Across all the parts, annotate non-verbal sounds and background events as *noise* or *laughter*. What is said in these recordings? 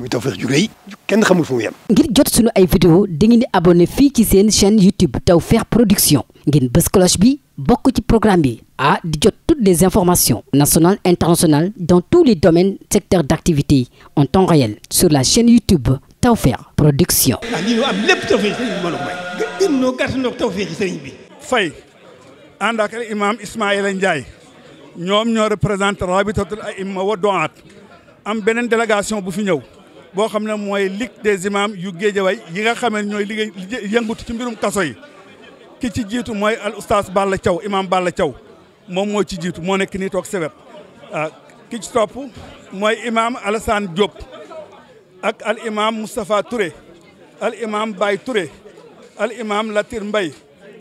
muy Tawfekh ju kenn xamul fu mu ngir jot sunu ay vidéo dangeen di abonné fii ci seen chaîne YouTube Tawfekh Production ngeen bës cloche bi bokk ci programme bi ah di jot toutes les informations nationales internationales dans tous les domaines secteurs d'activité en temps réel sur la chaine YouTube Tawfekh Production. ah lii am lépp Tawfekh sëriñ bi may. gën noo gàtt noo Tawfekh bi. Faye ànd ak imaam Ismaïla Ndiaye ñoom ñoo représenté rabitatul ay imma wa doaat am beneen délégation bu fi ñëw. boo xam ne mooy ligue des imams yu géejawaay yi nga xamee ñooy liggéey yëngutu ci mbirum kaso yi ki ci jiitu mooy al oustaz Balla Thiaw imam Balla Thiaw moom moo ci jiitu moo nekk nii toog sewet ah, ki ci topp mooy imam Alassane Diop ak al imam Moustapha Touré al imam Baye Touré al imam Latir mbay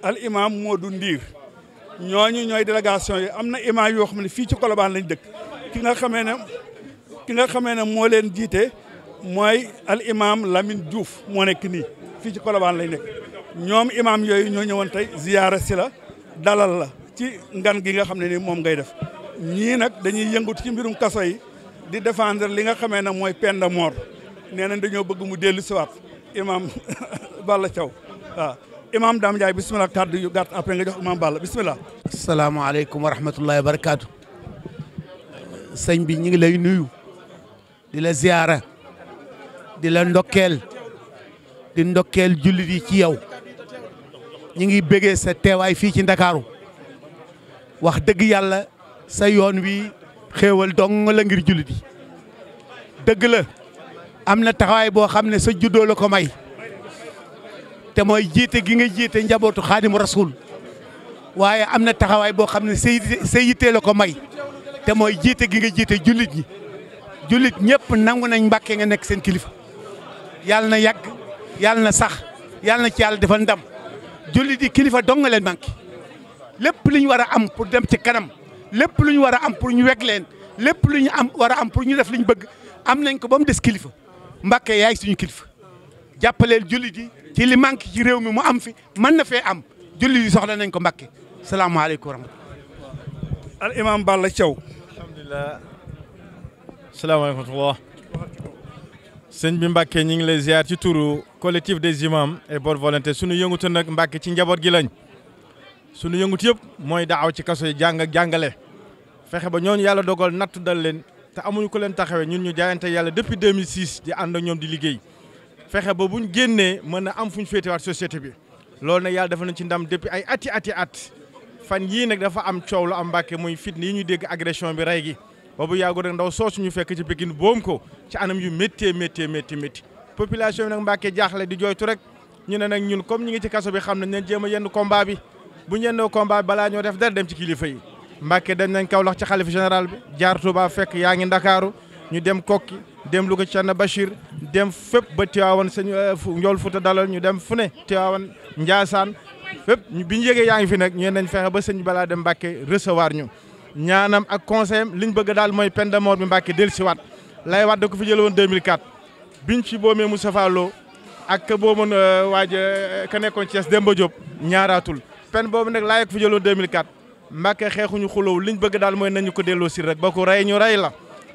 al imam moo Ndiir ñooñu ñooy délégation yi am na imam yoo xam ne fii ci Colobane lañ dëkk ki nga xamee ne ki nga xamee ne moo leen jiite mooy al imam Lamine Diouf moo nekk nii fii ci Colobane lay nekk ñoom imam yooyu ñoo ñëwoon tey ziyaara sila dalal la ci ngan gi nga xam ne ni moom ngay def ñii nag dañuy yëngut ci mbirum kaso yi di défendre li nga xamee ne mooy peine de mort nee nañ dañoo bëgg mu dellu siwaat imam *laughs* Balla Thiaw waaw imam Dame Ndiaye bisimilah kàddu yu gàtt après nga jox imam Balla bisimilah. salaamaaleykum wa rahmatullahi wa barakaatu. sëñ bi ñu ngi lay nuyu. di la ziyaara. di la ndokkeel di ndokkeel jullit yi ci yow ñi ngi bëggee sa teewaay fii ci ndakaaru wax dëgg yàlla sa yoon wi xéewal dong la ngir jullit yi dëgg la am na taxawaay boo xam ne sa juddoo la ko may te mooy jiite gi nga jiite njabootu xaadimu rasul waaye am na taxawaay boo xam ne sa yitte ko may te mooy jiite gi nga jiite jullit ñi jullit ñëpp nangu nañ mbàkke nga nekk seen kilifa yàlla na yàgg yàlla na sax yàlla na ci yàlla defal ndam julli di kilifa dong nga leen manqué lépp lu ñu war a am pour dem ci kanam lépp lu ñu war a am pour ñu weg leen lépp lu ñu am war a am pour ñu def li ñu bëgg am nañ ko ba mu des kilifa Mbàkke yaay suñ kilifa jàppaleel julli di ci li manqué ci réew mi mu am fi mën na fee am julli di soxla nañ ko mbakke salaamaaleykum wa rahmatulah. sëñ bi Mbacke ñi ngi lay ziar ci turu collectif des imams et bonne volonté sunu nag Mbacke ci njaboot gi lañ sunu yëngut yëpp mooy aw ci kaso yi jàng jàngale fexe ba ñooñu yàlla dogal nattu dal leen te amuñu ko leen taxawee ñun ñu jaayante yàlla depuis 2006 di ànd ak ñoom di liggéey fexe ba bu ñu génnee mën na am fu ñu féetewaat société bi loolu nag yàlla dafa nañ ci ndam depuis ay ati ati at fan yii nag dafa am coow lu am Mbacke muy fitna yi ñu dégg agression bi rey gi boobu yàggu rek ndaw soosu ñu fekk ci Pikine boom ko ci anam yu méttee méttee métti métti population bi nag Mbàkke jaaxle di jooytu rek ñu ne nag ñun comme ñu ngi ci kaso bi xam nañ leen jéem a yenn combat bi bu ñu yendoo combat bi balaa ñoo def dara dem ci kilifa yi Mbàkke dem nañ Kaolack ci xalifa général bi jaar Touba fekk yaa ngi Ndakaaru ñu dem Kokki dem Louga ci Thierno Bachir dem fépp ba Tiwaawan sëñ euh, Njool Fuuta dalal ñu dem fu ne Tiwaawan Njaasaan fépp bi ñu yégee yaa ngi fi nekk ñu nañ fexe ba sëñ balaa dem Mbàkke recevoir ñu ñaanam ak conseil am liñ bëgg daal mooy peine de mort bi Mbàkke dellusiwaat lay waat da ko fi jëlee woon 2004 biñ ci boomee Moustapha Lo ak ka booboon euh, waaj ka nekkoon dem ba Diop ñaaraatul peine boobu nag laay ko fi jëloon 2004 Mbàkke xeexuñu xulóow liñ bëgg daal mooy nañu ko delloo si rek ba ko rey ñu rey la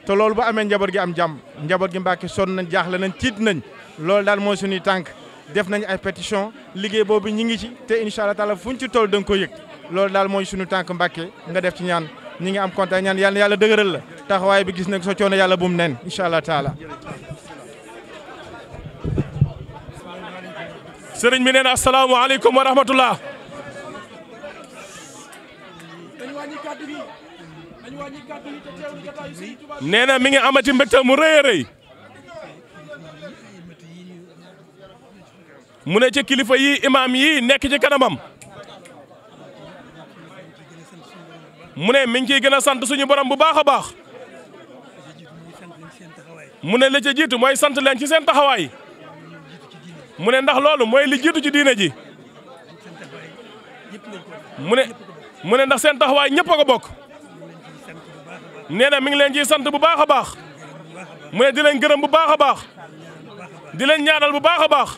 te loolu bu amee njaboot gi am jàmm njaboot gi Mbàkke sonn nañ jaaxle nañ tiit nañ lool daal mooy suñuy tànk def nañ ay pétition liggéey boobu ñi ngi ci te incha allah taala ñu ci toll da ko yëg loolu daal mooy suñu tànk Mbàkke nga def ci ñaan ñi ngi am contact ñaan yàlla yàlla dëgëral la taxawaay bi gis nag sa coono yàlla bu mu nen incha allah taala. sëriñ bi nee na asalaamaaleykum wa rahmatullah. nee na mi ngi amati mbégte mu rëy a rëy. mu ne ci kilifa yi imam yi nekk ci kanamam. mu ne mi ngi gën a sant suñu borom bu baax a baax mu ne la ca jiitu mooy sant leen ci seen taxawaay mu ne ndax loolu mooy li jiitu ci diine ji mu ne mu ne ndax seen taxawaay ñëpp a ko bokk nee na mi ngi leen ciy sant bu baax a baax mu ne di leen gërëm bu baax a baax di leen ñaanal bu baax a baax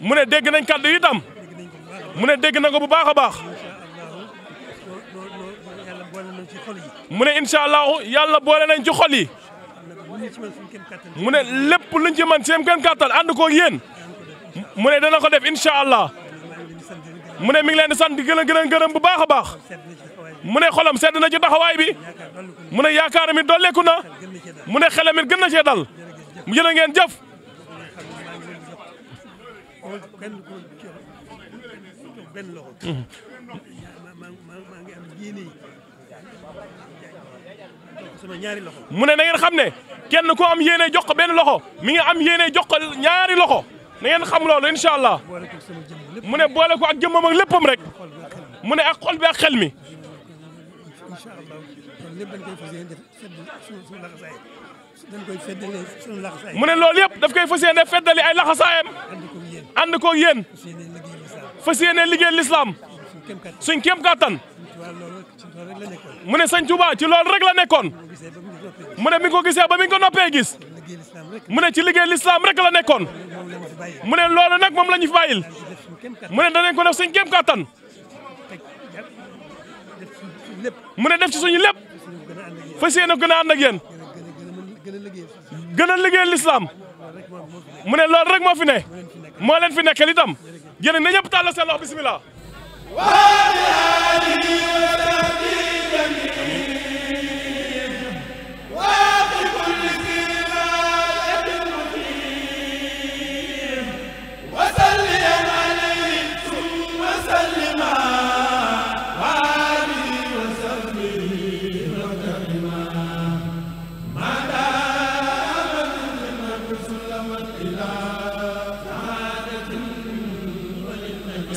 mu ne dégg nañ kàddu itam mu ne dégg na ko bu baax a baax. mu ne incha allahu yàlla boole nañ ci xol yi mu ne lépp luñ ci man seen gën kàttal ànd koog yéen mu ne dana ko def incha allah mu ne mi ngi leen di sant di gën a gën a gërëm bu baax a baax mu ne xolam sedd na ci taxawaay bi mu ne yaakaar mi dolleeku na mu ne gën na cee dal mu jërë ngeen jëf. mu ne na ngeen xam ne kenn ku am yéene jox ko benn loxo mi ngi am yéene jox ko ñaari loxo na ngeen xam loolu incha allah mu ne boole ko ak jëmmam léppam rek mu ne ak xol bi ak xel mi. mu ne loolu yëpp daf koy fas yéene feddali ay laxasaayam ànd koog yéen fas yéene liggéey lislaam suñ kéem kàttan mu ne sëñ Touba ci loolu rek la nekkoon mu ne bi ko gisee ba mi ngi ko noppee gis mu ne ci liggéey lislaam rek la nekkoon mu ne loolu nag moom la ñu fi bàyyil mu ne danañ ko def suñ kéem kàttan mu ne def ci suñu lépp fas yéene gën a ànd ak yéen gën a liggéey lislaam mu ne loolu rek moo fi ne moo leen fi nekkal itam yéen na ñëpp tàllal seen loxo bisimilah.